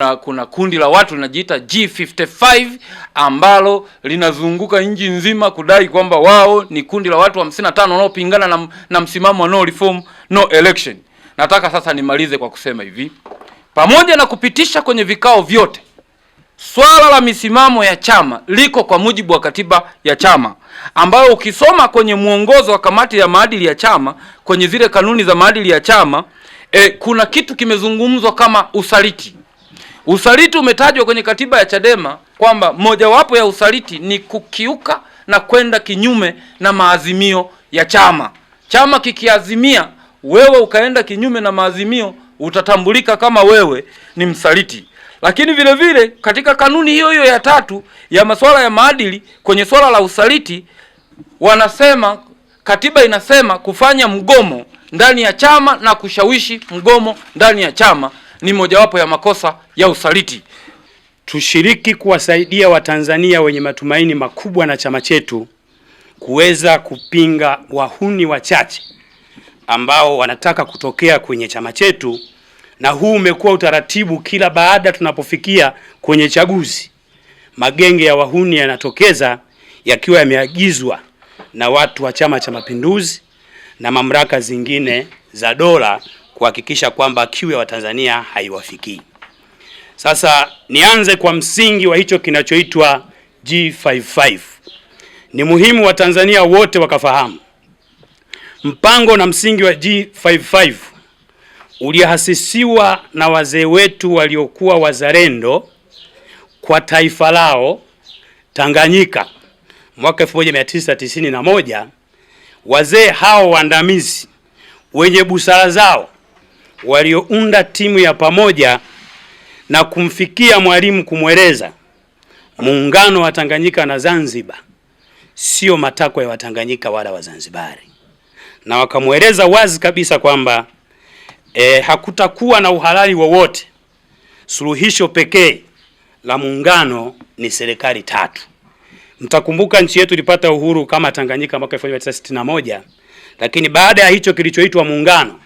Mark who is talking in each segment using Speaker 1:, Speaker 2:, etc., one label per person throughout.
Speaker 1: Kuna, kuna kundi la watu linajiita G55 ambalo linazunguka nchi nzima kudai kwamba wao ni kundi la watu 55 wanaopingana na, na msimamo wa no reform no election. Nataka sasa nimalize kwa kusema hivi, pamoja na kupitisha kwenye vikao vyote swala la misimamo ya chama liko kwa mujibu wa katiba ya chama ambayo ukisoma kwenye mwongozo wa kamati ya maadili ya chama kwenye zile kanuni za maadili ya chama e, kuna kitu kimezungumzwa kama usaliti Usaliti umetajwa kwenye katiba ya Chadema kwamba mojawapo ya usaliti ni kukiuka na kwenda kinyume na maazimio ya chama. Chama kikiazimia, wewe ukaenda kinyume na maazimio, utatambulika kama wewe ni msaliti. Lakini vile vile katika kanuni hiyo hiyo ya tatu ya masuala ya maadili, kwenye suala la usaliti wanasema, katiba inasema kufanya mgomo ndani ya chama na kushawishi mgomo ndani ya chama ni mojawapo ya makosa ya usaliti.
Speaker 2: Tushiriki kuwasaidia Watanzania wenye matumaini makubwa na chama chetu kuweza kupinga wahuni wachache ambao wanataka kutokea kwenye chama chetu, na huu umekuwa utaratibu kila baada tunapofikia kwenye chaguzi, magenge ya wahuni yanatokeza yakiwa yameagizwa na watu wa Chama cha Mapinduzi na mamlaka zingine za dola kuhakikisha kwamba kiu ya Watanzania haiwafikii. Sasa nianze kwa msingi wa hicho kinachoitwa G55. Ni muhimu Watanzania wote wakafahamu mpango na msingi wa G55 ulihasisiwa na wazee wetu waliokuwa wazalendo kwa taifa lao Tanganyika mwaka 1991. Wazee hao waandamizi wenye busara zao waliounda timu ya pamoja na kumfikia Mwalimu kumweleza muungano wa Tanganyika na Zanzibar sio matakwa ya Watanganyika wala Wazanzibari, na wakamweleza wazi kabisa kwamba e, hakutakuwa na uhalali wowote. Suluhisho pekee la muungano ni serikali tatu. Mtakumbuka nchi yetu ilipata uhuru kama Tanganyika mwaka 1961 lakini baada ya hicho kilichoitwa muungano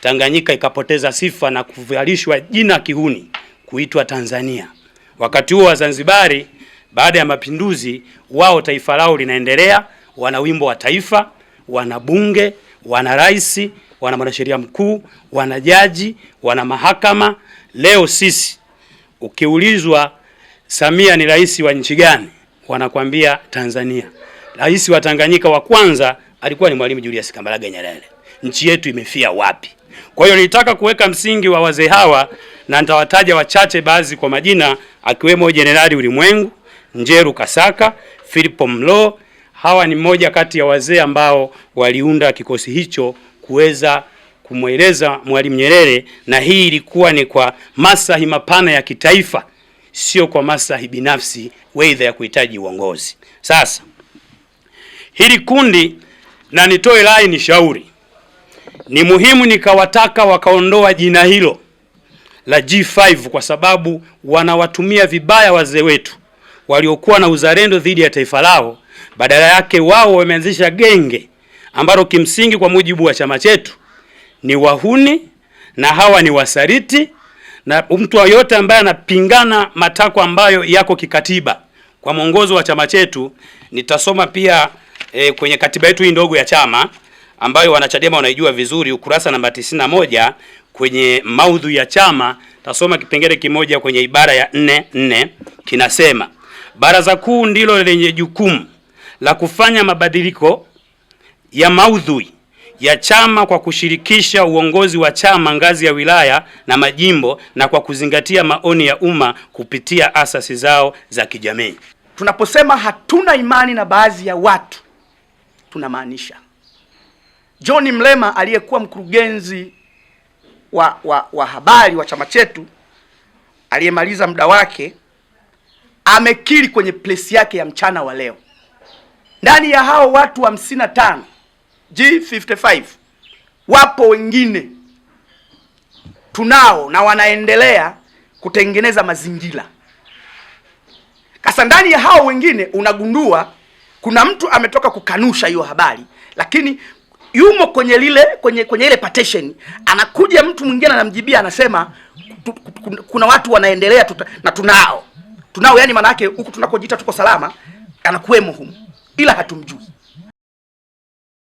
Speaker 2: Tanganyika ikapoteza sifa na kuvalishwa jina kihuni kuitwa Tanzania. Wakati huo Wazanzibari baada ya mapinduzi, wao taifa lao linaendelea, wana wimbo wa taifa, wana bunge, wana rais, wana mwanasheria mkuu, wana jaji, wana mahakama. Leo sisi ukiulizwa Samia ni rais wa nchi gani, wanakwambia Tanzania. Rais wa Tanganyika wa kwanza alikuwa ni Mwalimu Julius Kambarage Nyerere nchi yetu imefia wapi. Kwa hiyo nilitaka kuweka msingi wa wazee hawa na nitawataja wachache baadhi kwa majina, akiwemo Jenerali Ulimwengu, Njeru Kasaka, Filipo Mlo. Hawa ni mmoja kati ya wazee ambao waliunda kikosi hicho kuweza kumweleza Mwalimu Nyerere, na hii ilikuwa ni kwa maslahi mapana ya kitaifa, sio kwa maslahi binafsi weidha ya kuhitaji uongozi. Sasa hili kundi, na nitoe rai, ni shauri ni muhimu nikawataka wakaondoa jina hilo la G5 kwa sababu wanawatumia vibaya wazee wetu waliokuwa na uzalendo dhidi ya taifa lao. Badala yake wao wameanzisha genge ambalo kimsingi kwa mujibu wa chama chetu ni wahuni na hawa ni wasaliti, na mtu yoyote ambaye anapingana matakwa ambayo yako kikatiba kwa mwongozo wa chama chetu. Nitasoma pia e, kwenye katiba yetu hii ndogo ya chama ambayo wanachadema wanaijua vizuri, ukurasa namba 91 kwenye maudhui ya chama. Tasoma kipengele kimoja kwenye ibara ya 44 kinasema, baraza kuu ndilo lenye jukumu la kufanya mabadiliko ya maudhui ya chama kwa kushirikisha uongozi wa chama ngazi ya wilaya na majimbo na kwa kuzingatia maoni ya umma kupitia asasi zao za kijamii.
Speaker 1: Tunaposema hatuna imani na baadhi ya watu tunamaanisha John Mlema aliyekuwa mkurugenzi wa, wa, wa habari wa chama chetu aliyemaliza muda wake amekiri kwenye press yake ya mchana wa leo, ndani ya hao watu hamsini na tano G55 wapo wengine tunao na wanaendelea kutengeneza mazingira. Sasa ndani ya hao wengine unagundua kuna mtu ametoka kukanusha hiyo habari, lakini yumo kwenye lile kwenye kwenye ile partition, anakuja mtu mwingine anamjibia, anasema kuna watu wanaendelea tuta, na tunao tunao, yani maana yake huku tunakojiita tuko salama, anakuwemo humu, ila hatumjui.